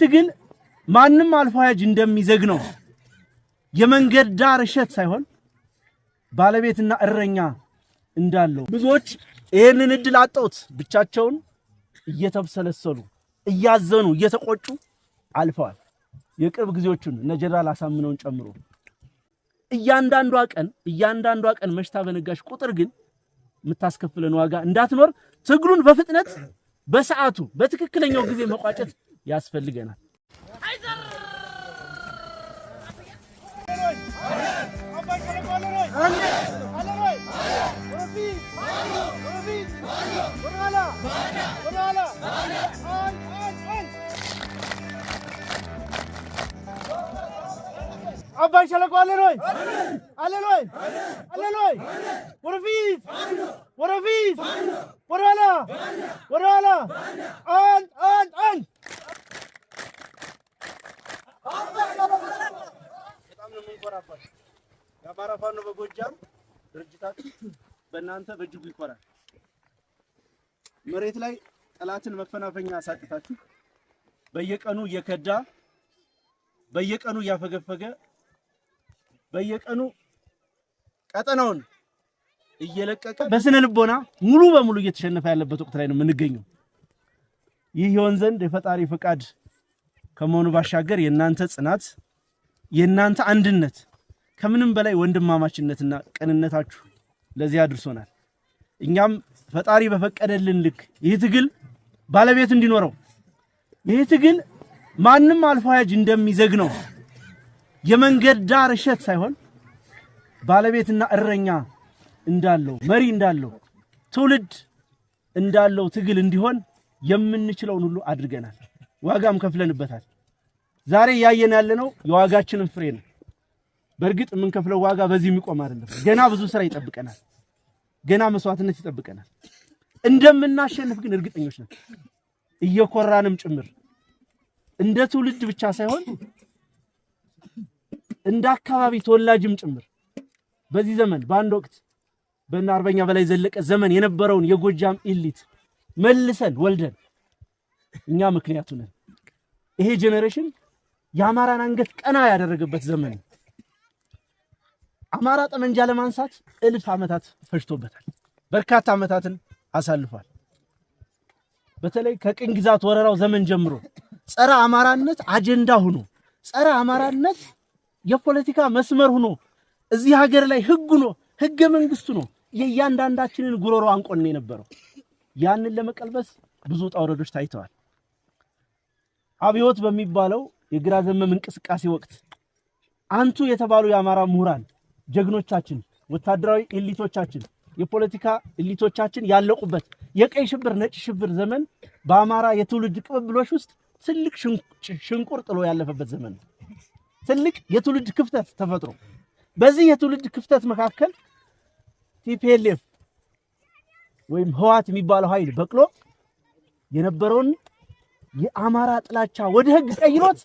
ትግል ማንም አልፎ አያጅ እንደሚዘግ ነው። የመንገድ ዳር እሸት ሳይሆን ባለቤትና እረኛ እንዳለው ብዙዎች ይህንን እድል አጠውት ብቻቸውን እየተብሰለሰሉ እያዘኑ እየተቆጩ አልፈዋል። የቅርብ ጊዜዎቹን እነ ጀነራል አሳምነውን ጨምሮ እያንዳንዷ ቀን እያንዳንዷ ቀን መሽታ በነጋሽ ቁጥር ግን የምታስከፍለን ዋጋ እንዳትኖር ትግሉን በፍጥነት በሰዓቱ በትክክለኛው ጊዜ መቋጨት ያስፈልገናል። አባይ ሸለቆ አለን ወይ? አለን ወይ? አለን ወይ? ወደፊት ወደፊት፣ ወደኋላ ወደኋላ፣ አንድ አንድ አንድ ይኮራባል። የአማራ ፋኖ በጎጃም በእናንተ በእጅጉ ይኮራል። መሬት ላይ ጠላትን መፈናፈኛ አሳጥታችሁ በየቀኑ እየከዳ በየቀኑ እያፈገፈገ በየቀኑ ቀጠናውን እየለቀቀ በስነ ልቦና ሙሉ በሙሉ እየተሸነፈ ያለበት ወቅት ላይ ነው የምንገኘው። ይህ ይሆን ዘንድ የፈጣሪ ፈቃድ ከመሆኑ ባሻገር የእናንተ ጽናት የእናንተ አንድነት ከምንም በላይ ወንድማማችነትና ቅንነታችሁ ለዚህ አድርሶናል። እኛም ፈጣሪ በፈቀደልን ልክ ይህ ትግል ባለቤት እንዲኖረው ይህ ትግል ማንም አልፎ እንደሚዘግ ነው የመንገድ ዳር እሸት ሳይሆን ባለቤትና እረኛ እንዳለው መሪ እንዳለው ትውልድ እንዳለው ትግል እንዲሆን የምንችለውን ሁሉ አድርገናል። ዋጋም ከፍለንበታል። ዛሬ እያየን ያለነው የዋጋችንን ፍሬ ነው። በእርግጥ የምንከፍለው ዋጋ በዚህ የሚቆም አይደለም። ገና ብዙ ስራ ይጠብቀናል። ገና መስዋዕትነት ይጠብቀናል። እንደምናሸንፍ ግን እርግጠኞች ነን፣ እየኮራንም ጭምር እንደ ትውልድ ብቻ ሳይሆን እንደ አካባቢ ተወላጅም ጭምር በዚህ ዘመን በአንድ ወቅት በእነ አርበኛ በላይ ዘለቀ ዘመን የነበረውን የጎጃም ኢሊት መልሰን ወልደን እኛ ምክንያቱ ነን። ይሄ ጄኔሬሽን የአማራን አንገት ቀና ያደረገበት ዘመን አማራ ጠመንጃ ለማንሳት እልፍ ዓመታት ፈጅቶበታል። በርካታ ዓመታትን አሳልፏል። በተለይ ከቅኝ ግዛት ወረራው ዘመን ጀምሮ ጸረ አማራነት አጀንዳ ሆኖ ጸረ አማራነት የፖለቲካ መስመር ሆኖ እዚህ ሀገር ላይ ህጉ ነው ህገ መንግስቱ ነው የእያንዳንዳችንን ጉሮሮ አንቆን የነበረው። ያንን ለመቀልበስ ብዙ ውጣ ውረዶች ታይተዋል። አብዮት በሚባለው የግራ ዘመም እንቅስቃሴ ወቅት አንቱ የተባሉ የአማራ ምሁራን ጀግኖቻችን፣ ወታደራዊ ኤሊቶቻችን፣ የፖለቲካ ኤሊቶቻችን ያለቁበት የቀይ ሽብር ነጭ ሽብር ዘመን በአማራ የትውልድ ቅብብሎች ውስጥ ትልቅ ሽንቁር ጥሎ ያለፈበት ዘመን ትልቅ የትውልድ ክፍተት ተፈጥሮ በዚህ የትውልድ ክፍተት መካከል ቲፒኤልኤፍ ወይም ህዋት የሚባለው ኃይል በቅሎ የነበረውን የአማራ ጥላቻ ወደ ህግ ቀይሮት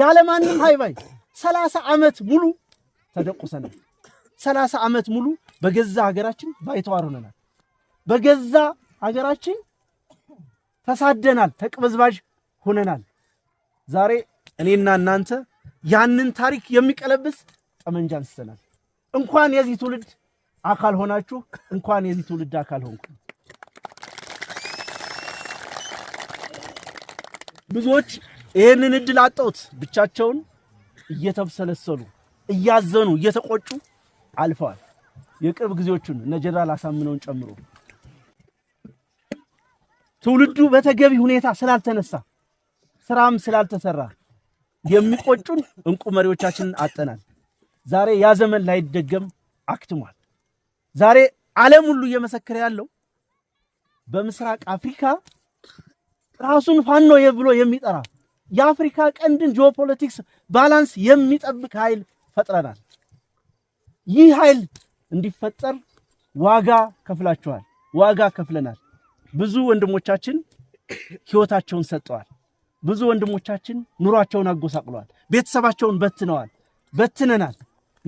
ያለማንም ሃይባይ ሰላሳ ዓመት ሙሉ ተደቁሰናል። ሰላሳ ዓመት ሙሉ በገዛ ሀገራችን ባይተዋር ሆነናል። በገዛ ሀገራችን ተሳደናል፣ ተቅበዝባዥ ሆነናል። ዛሬ እኔና እናንተ ያንን ታሪክ የሚቀለብስ ጠመንጃ አንስተናል። እንኳን የዚህ ትውልድ አካል ሆናችሁ፣ እንኳን የዚህ ትውልድ አካል ሆንኩ። ብዙዎች ይህንን እድል አጠውት ብቻቸውን እየተብሰለሰሉ እያዘኑ እየተቆጩ አልፈዋል። የቅርብ ጊዜዎቹን እነ ጀነራል አሳምነውን ጨምሮ ትውልዱ በተገቢ ሁኔታ ስላልተነሳ ስራም ስላልተሰራ የሚቆጩን እንቁ መሪዎቻችንን አጠናል። ዛሬ ያ ዘመን ላይደገም አክትሟል። ዛሬ ዓለም ሁሉ እየመሰከረ ያለው በምስራቅ አፍሪካ ራሱን ፋኖ ብሎ የሚጠራ የአፍሪካ ቀንድን ጂኦፖለቲክስ ባላንስ የሚጠብቅ ኃይል ፈጥረናል። ይህ ኃይል እንዲፈጠር ዋጋ ከፍላችኋል፣ ዋጋ ከፍለናል። ብዙ ወንድሞቻችን ህይወታቸውን ሰጠዋል። ብዙ ወንድሞቻችን ኑሯቸውን አጎሳቅለዋል። ቤተሰባቸውን በትነዋል፣ በትነናል።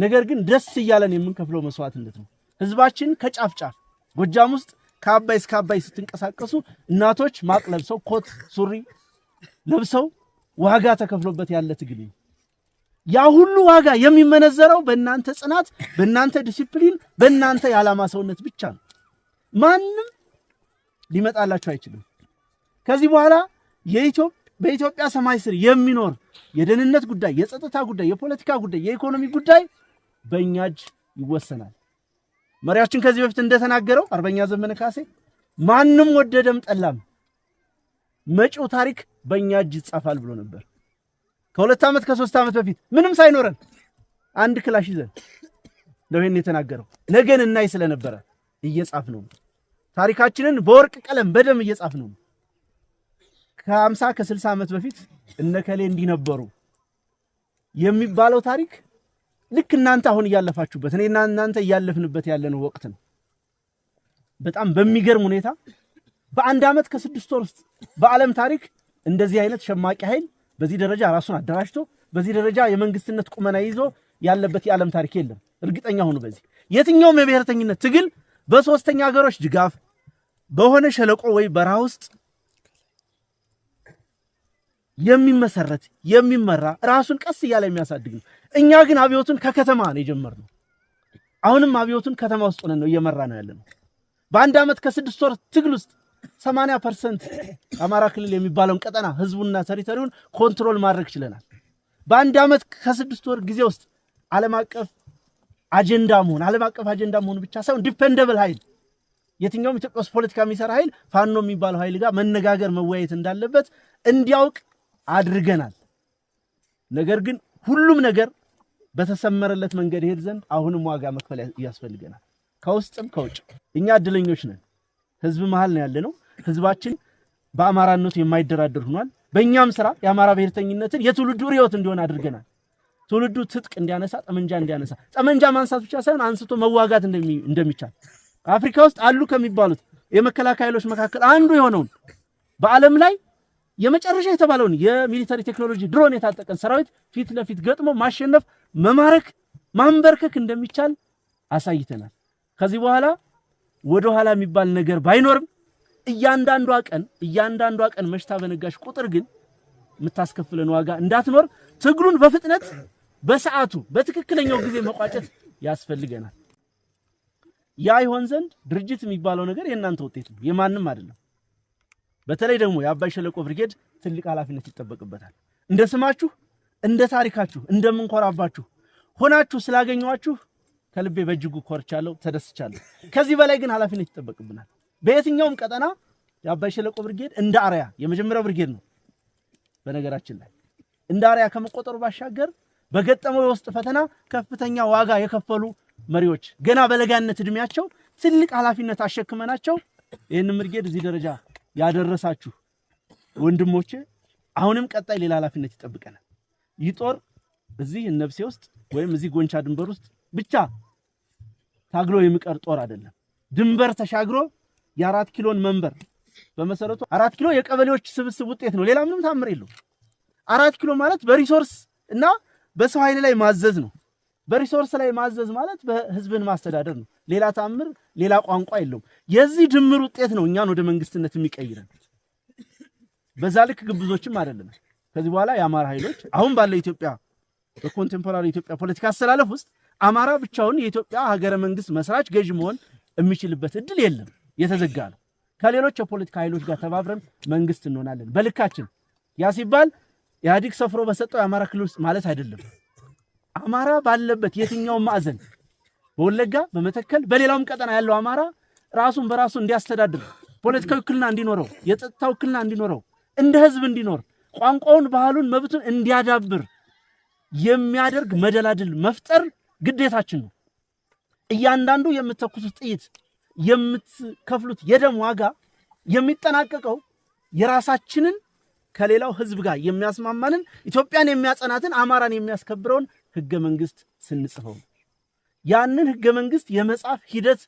ነገር ግን ደስ እያለን የምንከፍለው መስዋዕትነት ነው። ህዝባችን ከጫፍ ጫፍ ጎጃም ውስጥ ከአባይ እስከ አባይ ስትንቀሳቀሱ እናቶች ማቅ ለብሰው ኮት ሱሪ ለብሰው ዋጋ ተከፍሎበት ያለ ትግል ነው። ያ ሁሉ ዋጋ የሚመነዘረው በእናንተ ጽናት፣ በእናንተ ዲሲፕሊን፣ በእናንተ የዓላማ ሰውነት ብቻ ነው። ማንም ሊመጣላችሁ አይችልም። ከዚህ በኋላ በኢትዮጵያ ሰማይ ስር የሚኖር የደህንነት ጉዳይ፣ የጸጥታ ጉዳይ፣ የፖለቲካ ጉዳይ፣ የኢኮኖሚ ጉዳይ በእኛ እጅ ይወሰናል። መሪያችን ከዚህ በፊት እንደተናገረው አርበኛ ዘመነ ካሴ ማንም ወደደም ጠላም መጪው ታሪክ በእኛ እጅ ይጻፋል ብሎ ነበር። ከሁለት ዓመት ከሶስት ዓመት በፊት ምንም ሳይኖረን አንድ ክላሽ ይዘን ነው ይህን የተናገረው። ነገን እናይ ስለነበረ እየጻፍ ነው ታሪካችንን በወርቅ ቀለም በደም እየጻፍ ነው። ከአምሳ ከስልሳ ዓመት በፊት እነከሌ እንዲህ ነበሩ የሚባለው ታሪክ ልክ እናንተ አሁን እያለፋችሁበት እኔና እናንተ እያለፍንበት ያለነው ወቅት ነው። በጣም በሚገርም ሁኔታ በአንድ ዓመት ከስድስት ወር ውስጥ በዓለም ታሪክ እንደዚህ አይነት ሸማቂ ኃይል በዚህ ደረጃ ራሱን አደራጅቶ በዚህ ደረጃ የመንግስትነት ቁመና ይዞ ያለበት የዓለም ታሪክ የለም። እርግጠኛ ሁኑ። በዚህ የትኛውም የብሔረተኝነት ትግል በሶስተኛ ሀገሮች ድጋፍ በሆነ ሸለቆ ወይ በረሃ ውስጥ የሚመሰረት የሚመራ ራሱን ቀስ እያለ የሚያሳድግ ነው። እኛ ግን አብዮቱን ከከተማ ነው የጀመርነው። አሁንም አብዮቱን ከተማ ውስጥ ሆነን ነው እየመራ ነው ነው። በአንድ ዓመት ከስድስት ወር ትግል ውስጥ ሰማንያ ፐርሰንት አማራ ክልል የሚባለውን ቀጠና ህዝቡና ተሪተሪውን ኮንትሮል ማድረግ ችለናል። በአንድ ዓመት ከስድስት ወር ጊዜ ውስጥ ዓለም አቀፍ አጀንዳ መሆን ዓለም አቀፍ አጀንዳ መሆን ብቻ ሳይሆን ዲፔንደብል ኃይል የትኛውም ኢትዮጵያ ውስጥ ፖለቲካ የሚሰራ ኃይል ፋኖ የሚባለው ኃይል ጋር መነጋገር መወያየት እንዳለበት እንዲያውቅ አድርገናል። ነገር ግን ሁሉም ነገር በተሰመረለት መንገድ ይሄድ ዘንድ አሁንም ዋጋ መክፈል ያስፈልገናል፣ ከውስጥም ከውጭ። እኛ እድለኞች ነን። ህዝብ መሀል ነው ያለ ነው። ህዝባችን በአማራነቱ የማይደራደር ሆኗል። በእኛም ስራ የአማራ ብሔርተኝነትን የትውልዱ ርዕዮት እንዲሆን አድርገናል። ትውልዱ ትጥቅ እንዲያነሳ፣ ጠመንጃ እንዲያነሳ፣ ጠመንጃ ማንሳት ብቻ ሳይሆን አንስቶ መዋጋት እንደሚቻል አፍሪካ ውስጥ አሉ ከሚባሉት የመከላከያ ኃይሎች መካከል አንዱ የሆነውን በዓለም ላይ የመጨረሻ የተባለውን የሚሊተሪ ቴክኖሎጂ ድሮን የታጠቀን ሰራዊት ፊት ለፊት ገጥሞ ማሸነፍ፣ መማረክ፣ ማንበርከክ እንደሚቻል አሳይተናል። ከዚህ በኋላ ወደ ኋላ የሚባል ነገር ባይኖርም እያንዳንዷ ቀን እያንዳንዷ ቀን መሽታ በነጋሽ ቁጥር ግን የምታስከፍለን ዋጋ እንዳትኖር ትግሉን በፍጥነት በሰዓቱ በትክክለኛው ጊዜ መቋጨት ያስፈልገናል። ያ ይሆን ዘንድ ድርጅት የሚባለው ነገር የእናንተ ውጤት ነው፣ የማንም አይደለም። በተለይ ደግሞ የአባይ ሸለቆ ብርጌድ ትልቅ ኃላፊነት ይጠበቅበታል። እንደ ስማችሁ፣ እንደ ታሪካችሁ፣ እንደምንኮራባችሁ ሆናችሁ ስላገኘዋችሁ ከልቤ በእጅጉ ኮርቻለሁ፣ ተደስቻለሁ። ከዚህ በላይ ግን ኃላፊነት ይጠበቅብናል። በየትኛውም ቀጠና የአባይ ሸለቆ ብርጌድ እንደ አርያ የመጀመሪያው ብርጌድ ነው። በነገራችን ላይ እንደ አርያ ከመቆጠሩ ባሻገር በገጠመው የውስጥ ፈተና ከፍተኛ ዋጋ የከፈሉ መሪዎች ገና በለጋነት እድሜያቸው ትልቅ ኃላፊነት አሸክመናቸው ይህንን ብርጌድ እዚህ ደረጃ ያደረሳችሁ ወንድሞቼ፣ አሁንም ቀጣይ ሌላ ኃላፊነት ይጠብቀናል። ይህ ጦር እዚህ እነብሴ ውስጥ ወይም እዚህ ጎንቻ ድንበር ውስጥ ብቻ ታግሎ የሚቀር ጦር አይደለም። ድንበር ተሻግሮ የአራት ኪሎን መንበር በመሰረቱ አራት ኪሎ የቀበሌዎች ስብስብ ውጤት ነው። ሌላ ምንም ታምር የለው። አራት ኪሎ ማለት በሪሶርስ እና በሰው ኃይል ላይ ማዘዝ ነው። በሪሶርስ ላይ ማዘዝ ማለት በህዝብን ማስተዳደር ነው። ሌላ ታምር፣ ሌላ ቋንቋ የለውም። የዚህ ድምር ውጤት ነው እኛን ወደ መንግስትነት የሚቀይረን። በዛ ልክ ግብዞችም አይደለም። ከዚህ በኋላ የአማራ ኃይሎች አሁን ባለ ኢትዮጵያ በኮንቴምፖራሪ ኢትዮጵያ ፖለቲካ አሰላለፍ ውስጥ አማራ ብቻውን የኢትዮጵያ ሀገረ መንግስት መስራች ገዥ መሆን የሚችልበት እድል የለም፣ የተዘጋ ነው። ከሌሎች የፖለቲካ ኃይሎች ጋር ተባብረን መንግስት እንሆናለን በልካችን። ያ ሲባል ኢህአዲግ ሰፍሮ በሰጠው የአማራ ክልል ውስጥ ማለት አይደለም። አማራ ባለበት የትኛው ማዕዘን በወለጋ በመተከል በሌላውም ቀጠና ያለው አማራ ራሱን በራሱ እንዲያስተዳድር ፖለቲካዊ ውክልና እንዲኖረው፣ የጸጥታ ውክልና እንዲኖረው፣ እንደ ህዝብ እንዲኖር፣ ቋንቋውን፣ ባህሉን፣ መብቱን እንዲያዳብር የሚያደርግ መደላድል መፍጠር ግዴታችን ነው። እያንዳንዱ የምትተኩሱት ጥይት፣ የምትከፍሉት የደም ዋጋ የሚጠናቀቀው የራሳችንን ከሌላው ህዝብ ጋር የሚያስማማንን ኢትዮጵያን የሚያጸናትን አማራን የሚያስከብረውን ህገ መንግስት ስንጽፈው ያንን ህገ መንግስት የመጻፍ ሂደት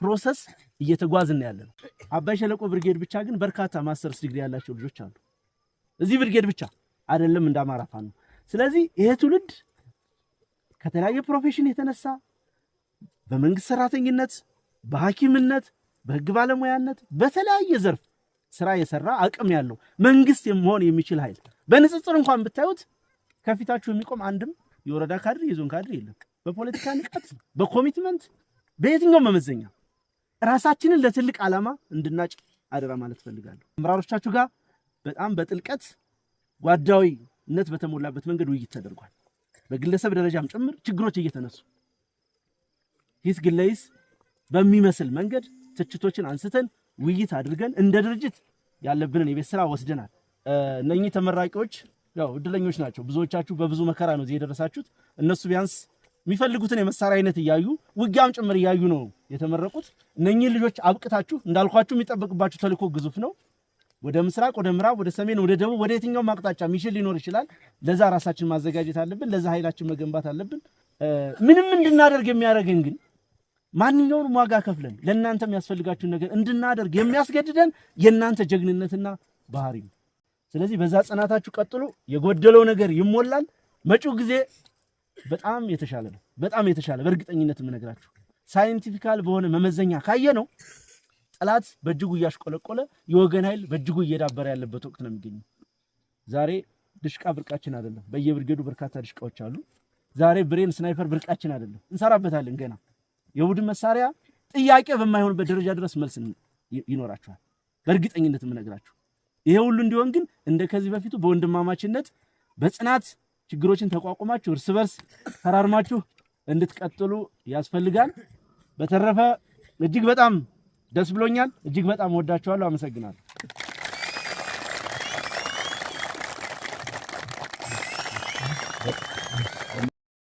ፕሮሰስ እየተጓዝን ያለ ነው። አባይ ሸለቆ ብርጌድ ብቻ ግን በርካታ ማስተርስ ዲግሪ ያላቸው ልጆች አሉ። እዚህ ብርጌድ ብቻ አይደለም እንደ አማራ ፋኖ። ስለዚህ ይሄ ትውልድ ከተለያየ ፕሮፌሽን የተነሳ በመንግስት ሰራተኝነት፣ በሐኪምነት፣ በህግ ባለሙያነት በተለያየ ዘርፍ ስራ የሰራ አቅም ያለው መንግስት መሆን የሚችል ኃይል በንጽጽር እንኳን ብታዩት ከፊታችሁ የሚቆም አንድም የወረዳ ካድሬ የዞን ካድሬ የለም። በፖለቲካ ንቃት፣ በኮሚትመንት በየትኛው መመዘኛ ራሳችንን ለትልቅ ዓላማ እንድናጭ አደራ ማለት ፈልጋለሁ። አመራሮቻችሁ ጋር በጣም በጥልቀት ጓዳዊነት በተሞላበት መንገድ ውይይት ተደርጓል። በግለሰብ ደረጃም ጭምር ችግሮች እየተነሱ ሂስ ግለይስ በሚመስል መንገድ ትችቶችን አንስተን ውይይት አድርገን እንደ ድርጅት ያለብንን የቤት ስራ ወስደናል። እነኚህ ተመራቂዎች ያው እድለኞች ናቸው። ብዙዎቻችሁ በብዙ መከራ ነው እዚህ የደረሳችሁት። እነሱ ቢያንስ የሚፈልጉትን የመሳሪያ አይነት እያዩ ውጊያም ጭምር እያዩ ነው የተመረቁት። እነኚህን ልጆች አብቅታችሁ እንዳልኳችሁ የሚጠበቅባችሁ ተልእኮ ግዙፍ ነው። ወደ ምስራቅ፣ ወደ ምዕራብ፣ ወደ ሰሜን፣ ወደ ደቡብ፣ ወደ የትኛውም አቅጣጫ ሚሽን ሊኖር ይችላል። ለዛ ራሳችን ማዘጋጀት አለብን። ለዛ ኃይላችን መገንባት አለብን። ምንም እንድናደርግ የሚያደርገን ግን ማንኛውንም ዋጋ ከፍለን ለእናንተ የሚያስፈልጋችሁን ነገር እንድናደርግ የሚያስገድደን የእናንተ ጀግንነትና ባህሪ ነው። ስለዚህ በዛ ጽናታችሁ ቀጥሎ የጎደለው ነገር ይሞላል። መጪው ጊዜ በጣም የተሻለ ነው። በጣም የተሻለ በእርግጠኝነት የምነግራችሁ ሳይንቲፊካል በሆነ መመዘኛ ካየ ነው ጠላት በእጅጉ እያሽቆለቆለ የወገን ኃይል በእጅጉ እየዳበረ ያለበት ወቅት ነው የሚገኘው። ዛሬ ድሽቃ ብርቃችን አይደለም። በየብርጌዱ በርካታ ድሽቃዎች አሉ። ዛሬ ብሬን፣ ስናይፐር ብርቃችን አይደለም። እንሰራበታለን። ገና የቡድን መሳሪያ ጥያቄ በማይሆንበት ደረጃ ድረስ መልስ ይኖራችኋል። በእርግጠኝነት የምነግራችሁ ይሄ ሁሉ እንዲሆን ግን እንደ ከዚህ በፊቱ በወንድማማችነት በጽናት ችግሮችን ተቋቁማችሁ እርስ በርስ ተራርማችሁ እንድትቀጥሉ ያስፈልጋል። በተረፈ እጅግ በጣም ደስ ብሎኛል። እጅግ በጣም ወዳችኋለሁ። አመሰግናለሁ።